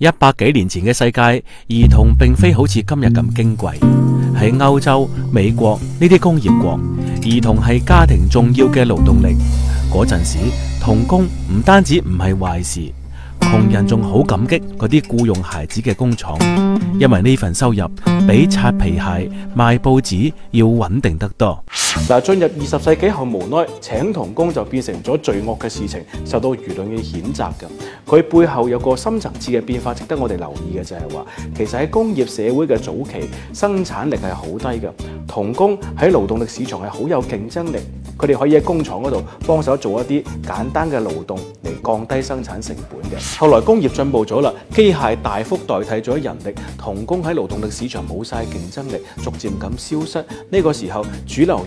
一百幾年前嘅世界，兒童並非好似今日咁矜貴。喺歐洲、美國呢啲工業國，兒童係家庭重要嘅勞動力。嗰陣時，童工唔單止唔係壞事，窮人仲好感激嗰啲僱用孩子嘅工廠，因為呢份收入比擦皮鞋、賣報紙要穩定得多。嗱，進入二十世紀後，無奈請童工就變成咗罪惡嘅事情，受到輿論嘅譴責嘅。佢背後有個深層次嘅變化，值得我哋留意嘅就係話，其實喺工業社會嘅早期，生產力係好低嘅，童工喺勞動力市場係好有競爭力，佢哋可以喺工廠嗰度幫手做一啲簡單嘅勞動嚟降低生產成本嘅。後來工業進步咗啦，機械大幅代替咗人力，童工喺勞動力市場冇晒競爭力，逐漸咁消失。呢個時候主流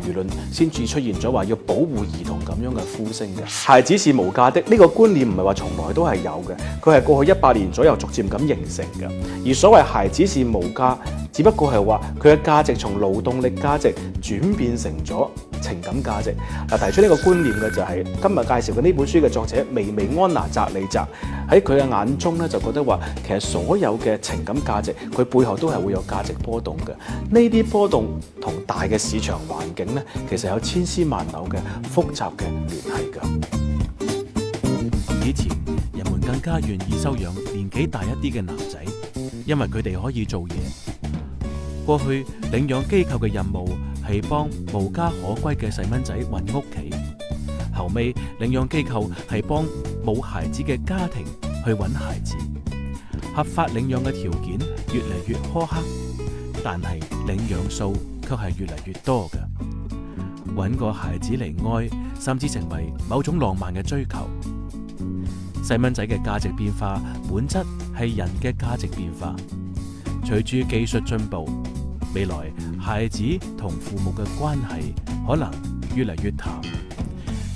先至出現咗話要保護兒童咁樣嘅呼聲嘅，孩子是無價的呢個觀念唔係話從來都係有嘅，佢係過去一百年左右逐漸咁形成嘅。而所謂孩子是無價，只不過係話佢嘅價值從勞動力價值轉變成咗情感價值嗱，提出呢個觀念嘅就係今日介紹嘅呢本書嘅作者薇薇安娜澤利澤，喺佢嘅眼中咧，就覺得話其實所有嘅情感價值，佢背後都係會有價值波動嘅。呢啲波動同大嘅市場環境咧，其實有千絲萬縷嘅複雜嘅聯繫㗎。以前人們更加願意收養年紀大一啲嘅男仔，因為佢哋可以做嘢。過去領養機構嘅任務，係幫無家可歸嘅細蚊仔揾屋企，後尾領養機構係幫冇孩子嘅家庭去揾孩子。合法領養嘅條件越嚟越苛刻，但係領養數卻係越嚟越多嘅。揾個孩子嚟愛，甚至成為某種浪漫嘅追求。細蚊仔嘅價值變化，本質係人嘅價值變化。隨住技術進步。未來孩子同父母嘅關係可能越嚟越淡，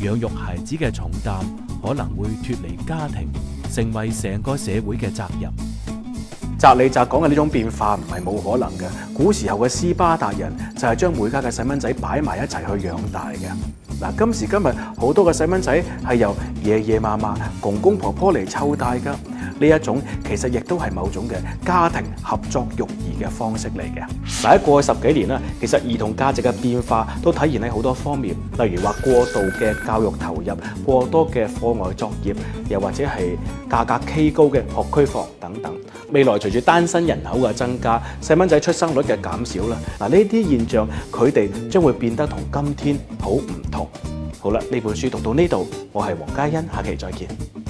養育孩子嘅重擔可能會脫離家庭，成為成個社會嘅責任。澤利澤講嘅呢種變化唔係冇可能嘅。古時候嘅斯巴達人就係將每家嘅細蚊仔擺埋一齊去養大嘅。嗱，今時今日好多嘅細蚊仔係由爺爺嫲嫲、公公婆婆嚟湊大噶。呢一種其實亦都係某種嘅家庭合作育兒嘅方式嚟嘅。嗱，喺過去十幾年啦，其實兒童價值嘅變化都體現喺好多方面，例如話過度嘅教育投入、過多嘅課外作業，又或者係價格畸高嘅學區房等等。未來隨住單身人口嘅增加、細蚊仔出生率嘅減少啦，嗱呢啲現象佢哋將會變得同今天好唔同。好啦，呢本書讀到呢度，我係黃嘉欣，下期再見。